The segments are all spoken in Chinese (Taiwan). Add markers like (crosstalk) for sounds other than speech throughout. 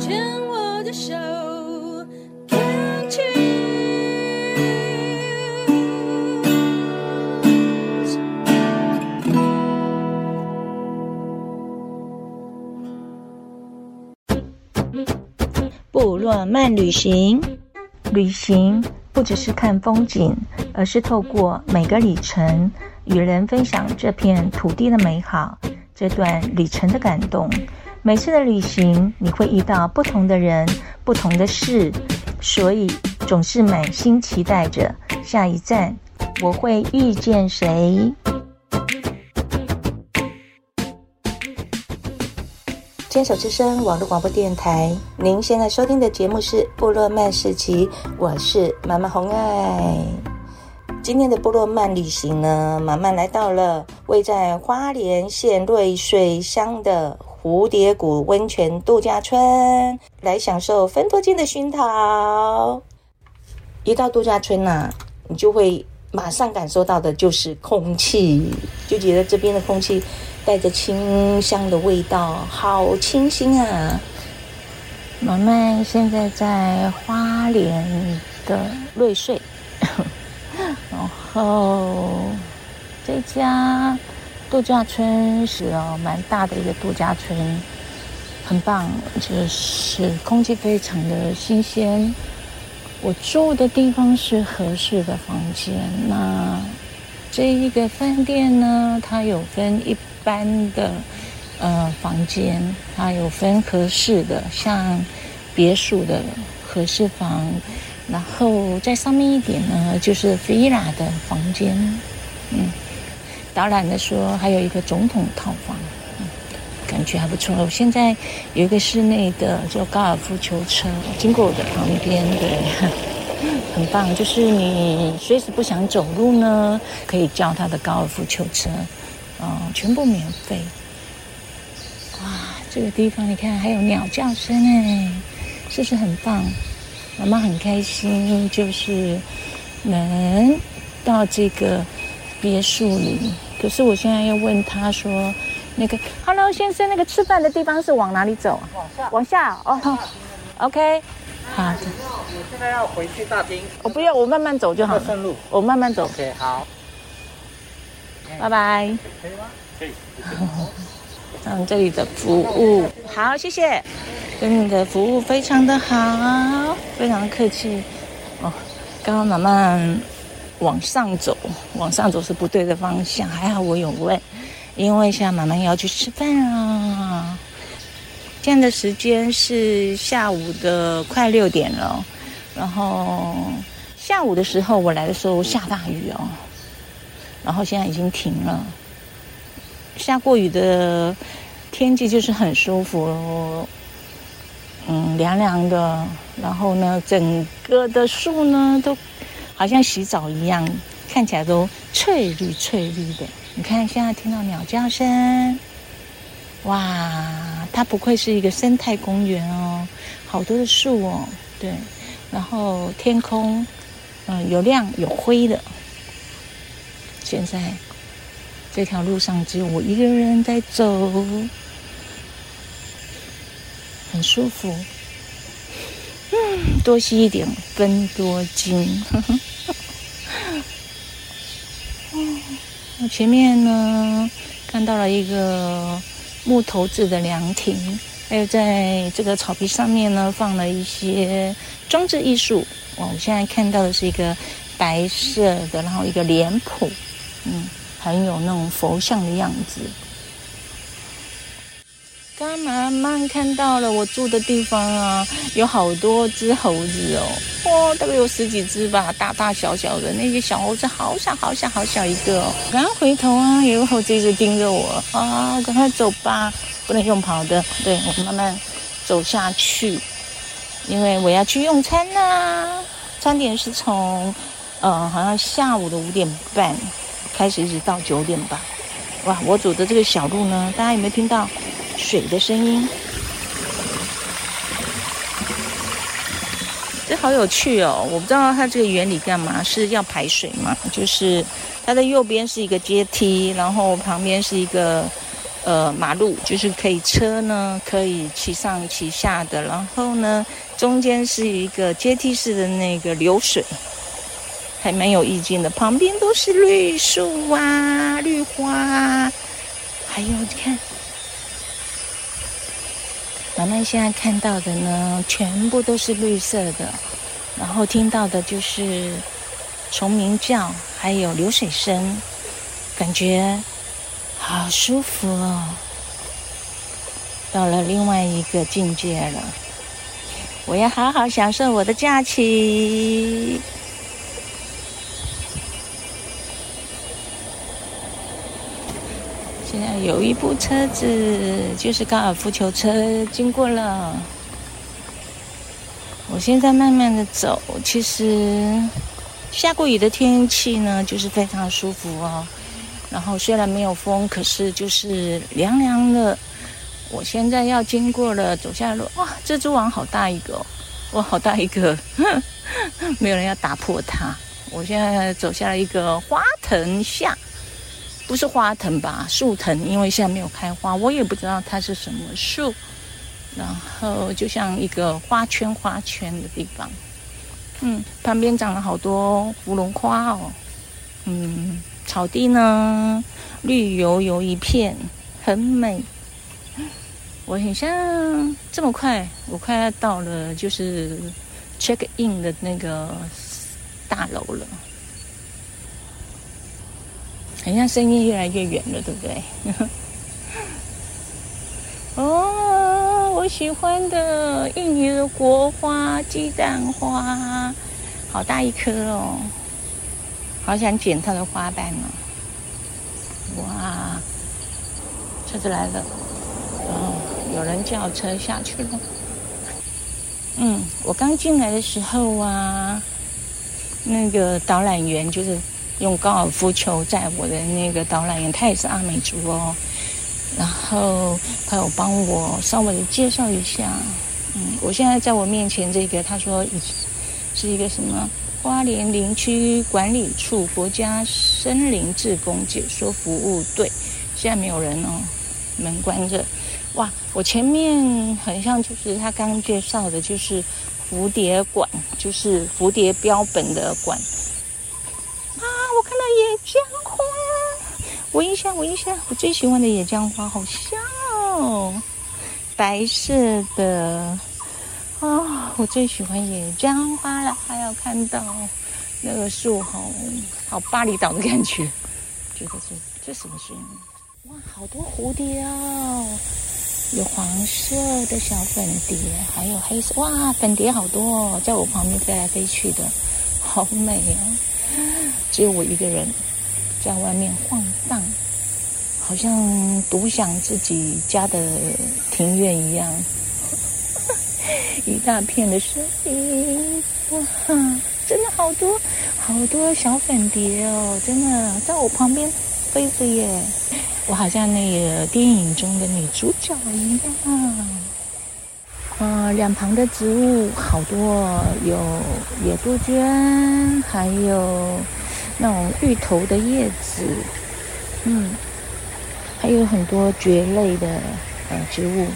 牽我的手，部落漫旅行，旅行不只是看風景，而是透過每個里程，與人分享這片土地的美好，這段旅程的感動。每次的旅行，你會遇到不同的人、不同的事，所以總是滿心期待着下一站，我會遇見誰？牽手之聲網絡廣播電台，您現在收聽的節目是部落漫市集，我是媽媽紅愛。今天的部落漫旅行呢，媽媽來到了位在花蓮縣瑞穗鄉的。蝴蝶谷溫泉度假村，來享受芬多精的熏陶。一到度假村吶、啊，你就會馬上感受到的就是空氣，就覺得這邊的空氣帶着清香的味道，好清新啊！馬漫現在在花蓮的瑞穗， (laughs) 然後這家。度假村是哦，蠻大的一個度假村，很棒，就是空氣非常的新鮮。我住的地方是合適的房間。那這一個飯店呢，它有分一般的呃房間，它有分合適的，像別墅的合適房，然後在上面一點呢，就是 Villa 的房間，嗯。導覽的說，還有一個總統套房，嗯，感覺還不錯。我現在有一個室內的叫高爾夫球車，經過我的旁邊，對，很棒。就是你隨時不想走路呢，可以叫他的高爾夫球車，哦，全部免費。哇，這個地方你看還有鳥叫聲哎，是不是很棒？媽媽很開心，就是能到這個。別墅裡，可是我現在要問他說，那個，Hello 先生，那個吃飯的地方是往哪裡走？往下，往下哦。OK，好。我現在要回去大廳。我不要，我慢慢走就好了。順路，我慢慢走。OK，好。拜拜。可以嗎？可以。嗯，這裡的服務。好，謝謝。跟你的服務非常的好，非常客氣。哦，剛剛慢慢。往上走，往上走是不對的方向。還好我有問，因為現在慢慢要去吃飯啊。現在的時間是下午的快六點了，然後下午的時候我來的時候下大雨哦，然後現在已經停了。下過雨的天氣就是很舒服哦，嗯，涼涼的。然後呢，整個的樹呢都。好像洗澡一樣，看起來都翠綠翠綠的。你看，現在聽到鳥叫聲，哇，它不愧是一個生態公園哦，好多的樹哦，對，然後天空，嗯，有亮有灰的。現在這條路上只有我一個人在走，很舒服。嗯，多吸一點，芬多精。呵呵我前面呢看到了一個木頭制的涼亭，還有在這個草皮上面呢放了一些裝置藝術。我現在看到的是一個白色的，然後一個臉譜，嗯，很有那種佛像的樣子。.剛剛馬漫看到了我住的地方啊，有好多隻猴子哦，哇、哦，大概有十幾隻吧，大大小小的。那些、個、小猴子好小，好小，好小一個。哦，剛回頭啊，有個猴子一直盯着我啊，趕快走吧，不能用跑的，對，我們慢慢走下去，因為我要去用餐啦、啊。餐點是從，嗯、呃，好像下午的五點半開始，一直到九點吧。哇，我走的這個小路呢，大家有沒有聽到？水的聲音，這好有趣哦！我不知道它這個原理幹嘛，是要排水嘛？就是它的右邊是一個階梯，然後旁邊是一個呃馬路，就是可以車呢，可以騎上騎下的。然後呢，中間是一個階梯式的那個流水，還蠻有意境的。旁邊都是綠樹啊、綠花啊，還有你看。那現在看到的呢，全部都是綠色的，然後聽到的就是蟲鳴叫，還有流水聲，感覺好舒服哦，到了另外一個境界了。我要好好享受我的假期。現在有一部車子，就是高爾夫球車經過了。我現在慢慢的走，其實下過雨的天氣呢，就是非常舒服哦。然後雖然沒有風，可是就是涼涼的。我現在要經過了，走下路哇，蜘蛛網好大一個，哦，哇，好大一個呵呵，沒有人要打破它。我現在走下了一個花藤下。不是花藤吧？樹藤，因為現在沒有開花，我也不知道它是什麼樹。然後就像一個花圈，花圈的地方。嗯，旁邊長了好多芙蓉花哦。嗯，草地呢，綠油油一片，很美。我好像這麼快，我快要到了，就是 check in 的那個大樓了。好像聲音越來越遠了，對不對？呵呵哦，我喜歡的印尼的國花雞蛋花，好大一顆哦，好想剪它的花瓣啊、哦！哇，車子來了，哦，有人叫車下去了。嗯，我剛進來的時候啊，那個導覽員就是。用高爾夫球，在我的那個導覽員，他也是阿美族哦。然後他有幫我稍微介紹一下。嗯，我現在在我面前這個，他說是一個什麼花蓮林區管理處國家森林志工解說服務隊。現在沒有人哦，門關着。哇，我前面很像就是他剛介紹的，就是蝴蝶館，就是蝴蝶標本的館。聞一下，聞一下，我最喜歡的野薑花，好香哦！白色的啊、哦，我最喜歡野薑花了。還要看到那個樹好，好好巴厘島的感覺。覺得這這什麼聲音？哇，好多蝴蝶哦！有黃色的小粉蝶，還有黑色。哇，粉蝶好多、哦，在我旁邊飛來飛去的，好美哦。只有我一個人。在外面晃蕩，好像獨享自己家的庭院一樣。 (laughs) 一大片的森林，哇，真的好多好多小粉蝶哦，真的在我旁邊飛飛耶！我好像那個電影中的女主角一樣。啊。兩旁的植物好多，哦，有野杜鵑，還有。那種芋頭的葉子，嗯，還有很多蕨類的呃、嗯、植物，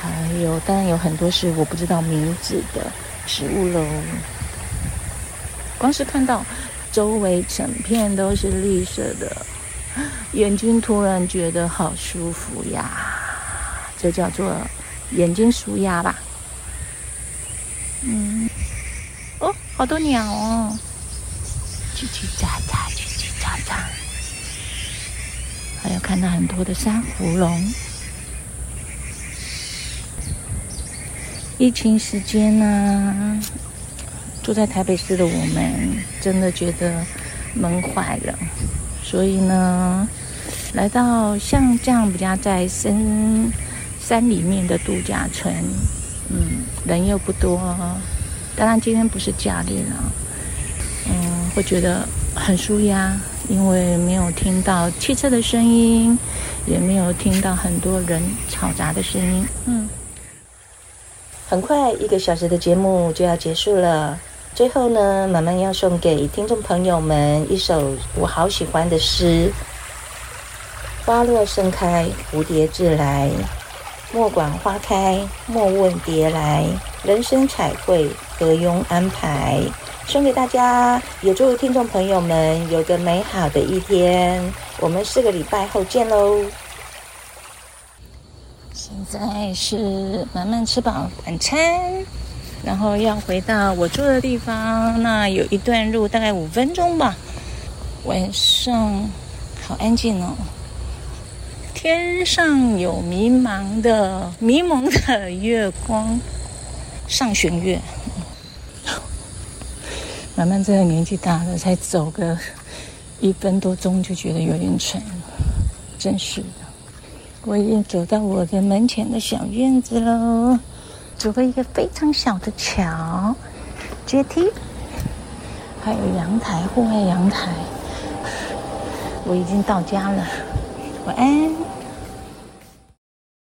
還有當然有很多是我不知道名字的植物嘍。光是看到周圍整片都是綠色的，眼睛突然覺得好舒服呀，這叫做眼睛舒壓吧。嗯，哦，好多鳥哦。嘰嘰喳喳，嘰嘰喳喳，還有看到很多的珊瑚龍。疫情時間呢，住在台北市的我們真的覺得悶壞了，所以呢，來到像這樣比較在深山裡面的度假村，嗯，人又不多，當然今天不是假日了。我覺得很舒壓，因為沒有聽到汽車的聲音，也沒有聽到很多人吵雜的聲音。嗯，很快一個小時的節目就要結束了。最後呢，滿滿要送給聽眾朋友們一首我好喜歡的詩：花若盛開，蝴蝶自來；莫管花開，莫問蝶來。人生彩繪，何庸安排？送給大家，也祝聽眾朋友們有個美好的一天。我們四個禮拜後見嘍！現在是慢慢吃飽晚餐，然後要回到我住的地方。那有一段路，大概五分鐘吧。晚上好安靜哦，天上有迷茫的、迷濛的月光，上弦月。慢慢，這個年紀大了，才走個一分多鐘就覺得有點喘，真是的。我已經走到我的門前的小院子嘍，走過一個非常小的橋，階梯，還有陽台，戶外陽台，我已經到家了，晚安。